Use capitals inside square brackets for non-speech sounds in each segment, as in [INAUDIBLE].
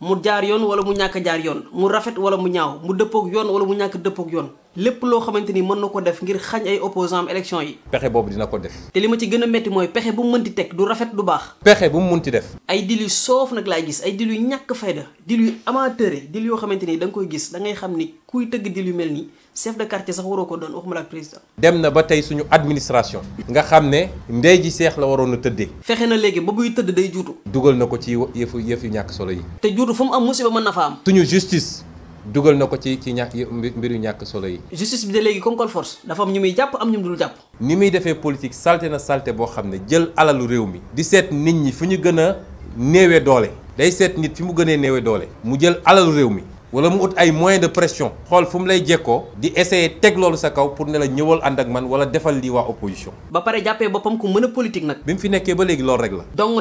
mu jaar yoon wala mu ñàkk jaar yoon mu rafet wala mu ñaaw mu dëppook yoon wala mu ñàkk dëppook yoon lépp lo xamanteni mën nako def ngir xagn ay opposants am élection yi. pexé bobu dina ko def. té li ci gëna metti moy pexé bu mu mënti tek du rafet du bax pexé bu mu mënti def. ay dil yu soof nak laay gis ay dil yu ñàkk fayda dil yu amateur dil yoo xamante ni koy gis da ngay xam ni kuy teug dil yu mel chef de quartier sax waroko don doon waxumala président. dem na ba tay suñu administration. nga xamné ndey ji cheikh la warono teudé tëddee. na légui ba buy tëdd day jutu dugal nako ci yef yef yu ñàkk solo yi. té jutu fu mu am musiba mën na fa am. suñu justice dugal na ko ci ci ñàkk mbiru ñàkk solo yi. justice bi de léegi comme force dafa am ñu muy jàpp am ñu dul jàpp. ni muy defee politique salté na salté boo xam ne jël alalu réew mi. di seet nit ñi fu ñu gën a doole. day seet nit fi mu gënee néewee doole. mu jël alalu réew mi. wala mu ut ay moyens de pression. xool fu mu lay jekkoo. di essayer teg loolu sa kaw pour ne la ñëwal ànd ak man wala defal lii waa opposition. ba pare jàppee boppam ku mën a politique bi fi nekkee ba léegi loolu rek la. dong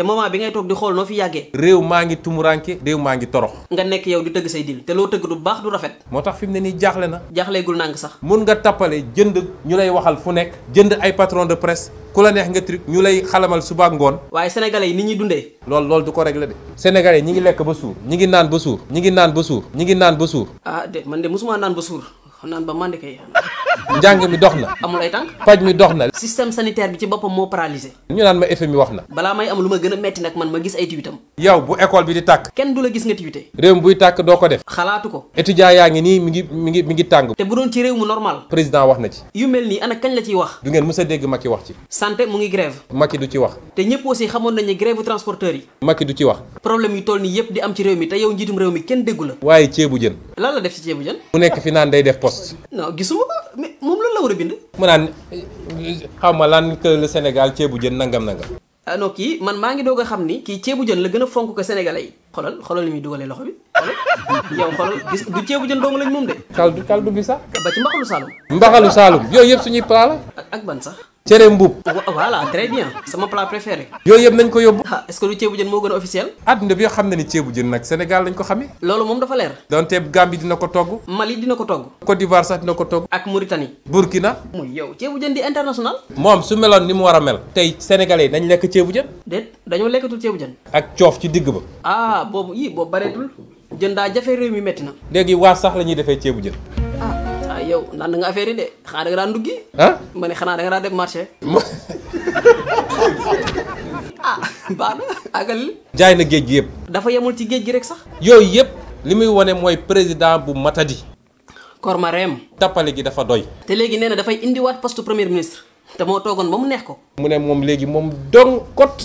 te moment bi ngay toog di xool noo fi yàggee réew maa ngi tumuranke réew maa ngi torox nga nekk yow di tëgg say dil te loo tëgg du baax du rafet moo tax fi mu ne nii jaaxle na jaaxleegul nànk sax mun nga tappale jënd ñu lay waxal fu nekk jënd ay patron de presse ku la neex nga truc ñu lay xalamal suba ngoon waaye sénégalais yi ni ñuy dundee loolu loolu du ko la de sénégalais ñu ngi lekk ba suur ñu ngi naan ba suur ñu ngi naan ba suur ñi ngi naan ba suur ah de man de mosuma naan ba suur naan ba mandé kay njàng mi dox na. amul ay tànk. paj mi dox na. système sanitaire bi ci boppam moo paralysé. ñu naan ma effet wax na. balaa may am lu ma gën a metti nag man ma gis ay tiwitam. yow bi di kenn du la gis nga tiwite. tàkk doo ko def. xalaatu ko. étudiant yaa ngi nii mi ngi mi ngi mi ngi tàng. te bu doon ci réew mu normal. wax na ci. yu mel nii ana kañ la wax. du ngeen mës a dégg Macky wax ci. santé mu ngi grève. Macky du ci wax. te ñëpp yi. Macky du ci wax. problème yu toll yëpp am ci réew mi te yow njiitum réew mi kenn déggu la. waaye ceebu jën. lan la def ci ceebu nekk fi naan day def poste. non gisuma moom loolu la war a bind. mu naan xaw ma lan que le Sénégal ceebu jën nangam nangam. ah non kii man maa ngi doog a xam ni kii ceebu jën la gën a fonk ko Sénégalais yi. xoolal xoolal li muy dugalee loxo bi. yow ya, xol gis du ceebu jën dong lañ moom de kaldu kaldu bi sax ba ci mbaxalu salum mbaxalu salum yooyu yëpp suñuy plat la ak ban sax cere mbub voilà très bien sama plat préféré yooyu yëpp nañ ko yóbbu est ce que du ceebu jën moo gën a officiel àdduna bi xam na ni ceebu jën nag sénégal lañ ko xamee loolu moom dafa leer donte gambi dina ko togg mali dina ko togg côte d'ivoire sax dina ko togg ak mauritanie burkina mu yow ceebu jën di international Mom, su meloon ni mu war a mel tey sénégalais dañ lekk ceebu jën déet dañoo lekkatul ceebu jën ak coof ci digg ba ah boobu yii boobu bareetul jën daa jafe réew mi metti na légui wa sax lañuy défé defee ceebu jën ah saa ah, yow nan nga affaire yi de xanaa da nga daan duggi ah ma da nga daan marché [LAUGHS] ah agal jaay na géej gi yëpp dafa yamul ci géej gi rek sax yoy yépp limuy woné moy président bu matadi rem tapali gi dafa doy légui néna da fay indi wat poste premier ministre té mo togon ba mu neex ko mune mom légui mom dong kot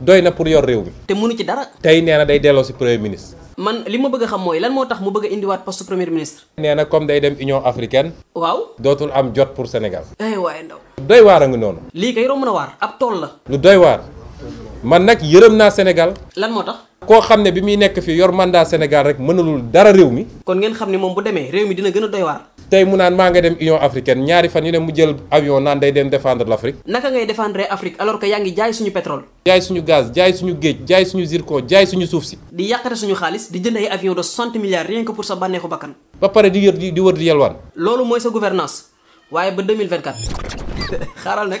doyna pour yor réew mi te munu ci dara tay néna day délo ci premier ministre man li ma bëgg xam mooy lan moo tax mu bëgg a indiwaat poste premier ministre. nee na comme day dem Union africaine. waaw dootul am jot pour Sénégal. ay waaye ndaw. doy waar a ngi noonu. lii kay romb na waar ab tool la. lu doy waar man nag yërëm naa Sénégal. lan moo tax. koo xam ne bi muy nekk fii yor mandat Sénégal rek mënalul dara réew mi. kon ngeen xam ne moom bu demee réew mi dina gën a doy waar. tey mu naan maa nga dem Union africaine ñaari fan yu ne mu jël avion naan day dem défendre l'Afrique. naka ngay défendre Afrique alors que yaa ngi jaay suñu pétrole. jaay suñu gaz jaay suñu géej jaay suñu zircon jaay suñu suuf si. di yàqate suñu xaalis di jënd ay avion de soixante milliards rien que pour sa bànneexu bakkan. ba pare di wër di wër di yelwaan. loolu mooy sa gouvernance waaye ba 2024 [LAUGHS] xaaral nag.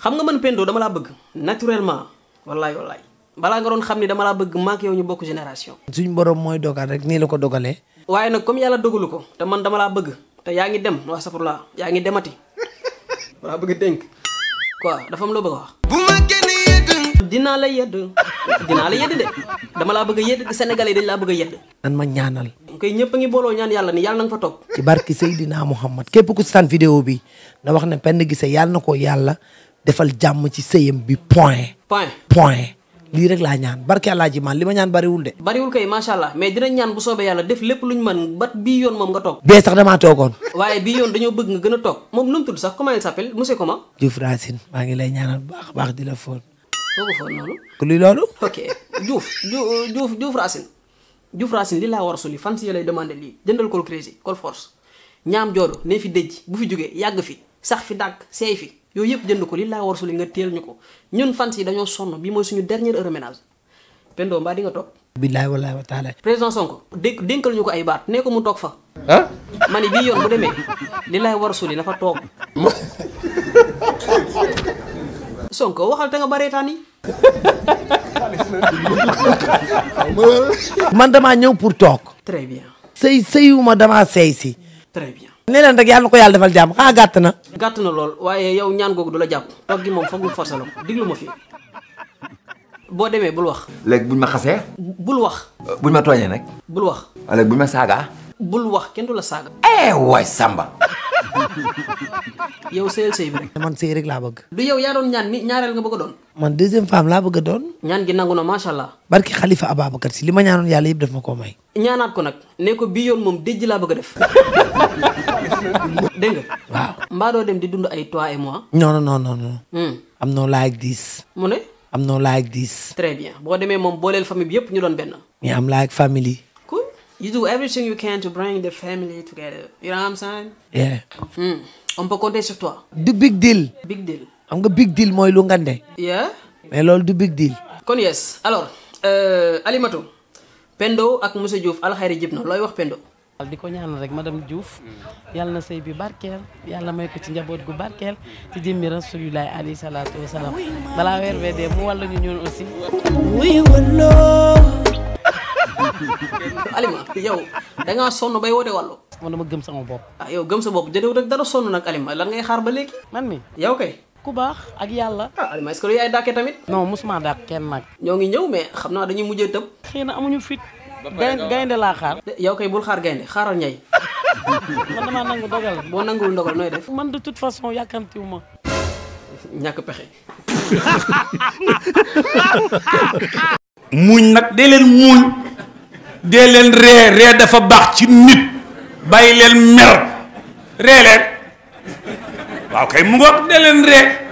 xam nga man pendo dama la bëgg naturellement wallahi wallahi bala nga ron xamni dama la bëgg mak yow ñu bokk génération suñ borom moy dogal rek ni la ko dogalé waye nak comme yalla dogul ko te man dama la bëgg te yaangi dem wa safurlaa yaa ngi demati wala [LAUGHS] bëgg denk quoi dafa am lo bëgg wax bu ma gëné yedd dina la yedd dina la yedd de dama la bëgg yedd sénégalais dañ la bëgg yedd nan ma ñaanal koy ñepp ngi bolo ñaan yalla ni yalla nang fa top ci barki sayidina muhammad képp ku stan vidéo bi na wax ne pen gi yàlla yalla nako yalla defal jàmm ci sëyam bi point. point point. lii rek laa ñaan barke Alaaji man li ma ñaan bariwul de. bariwul kay macha allah mais dinañ ñaan bu soobee yàlla def lépp luñ mën bat bii yoon moom nga toog. bee sax damaa toogoon. waaye bii yoon dañoo bëgg nga gën a toog moom nu tudd sax comment il s'appelle monsieur comment. Diouf Racine maa ngi lay ñaanal bu baax baax di la foon. boo ko foon noonu. ku li loolu. ok Diouf Diouf Diouf Racine Diouf laa war a suli fan si yow lay demandé lii jëndal col crazy col force ñaam jooju ne fi dëj bu fi jógee yàgg fi sax fi dàgg seey fi yooyu yëpp jënd ko li laa war su li nga teel ñu ko ñun fans yi dañoo sonn bi mooy suñu dernière heure ménage Pendo mbaa di nga toog. billaay wallaay wa taala. président Sonko dé dénkal ñu ko ay baat nee ko mu toog fa. ah. ma ni bii yoon bu demee li laay war su li na fa toog. [LAUGHS] Sonko waxal te nga bareetaan yi. man damaa ñëw pour toog. très bien. sëy sëyuma damaa sëy si. très bien. ne leen rek yàlla na ko yàlla defal jàmm xaa gàtt na. gàtt na lool waaye yow ñaan googu du la jàpp toog gi moom foog nga forcé la ko diglu ma fi boo demee bul wax. léegi buñ ma xasee. bul wax. Euh, buñ ma tooñee nag. bul wax. léegi buñ ma saaga. bul wax kenn du la saaga. eh waay sàmba [LAUGHS] yow sëyal sëy bi rek. man sëy rek laa bëgg. du yow yaa doon ñaan mi ñaareel nga bëgg a doon. man deuxième femme laa bëgg doon. ñaan gi nangu na macha allah. barki xalifa Ababacar si li ma ñaanoon yàlla yëpp daf ma ko may. ñaanaat ko nag ne ko bii yoon moom déj laa bëgg a def. dégg waaw. mbaa doo dem di dund ay toi et moi. non non non non non. am hmm. no like this. mu ne. am no like this. très bien boo demee moom booleel famille bi yëpp ñu doon benn. ñu am like family. you do everything you can to bring the family together. You know what I'm saying? Yeah. Mm. On peut compter sur toi. Du big deal. Big deal. Am nga big deal moy lu ngandé. Yeah. Mais lol du big deal. Kon yes. Alors, euh Alimato. Pendo ak Moussa Diouf Al Khairi Jibna loy wax Pendo. di ko ñaanal rek madame diouf yalla na sey bi barkel yalla may ko ci njabot gu barkel ci jëmmi rasulullah alayhi salatu wassalam bala weer wede mu wallu ñu ñun aussi oui wallah alima yow da ngaa sonn bay woote wàllu man dama gëm sama bopp ah yow gëm sa bopp jëdew rek dara Mana? nag alima lan ngay xaar ba léegi man mi yow kay ku baax ak yàlla ah alima est-ce que lu yaay dàkkee tamit non musuma dàq kenn nag ñoo ngi ñëw mais mana naa dañuy mujjee tëb Mana na amuñu fit gaynde laa xaar yow kay bul xaar gaynde xaaral ñay [LAUGHS] man damaa nangu dogal boo nanguwul ndogal nooy def man de toute façon yàkkamtiwu ma ñàkk pexe [LAUGHS] muñ nag dee leen muñ dee leen ree ree dafa baax ci nit bàyyi leen mer ree leen waaw kay mu ngoog dee